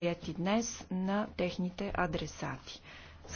прияти днес на техните адресати.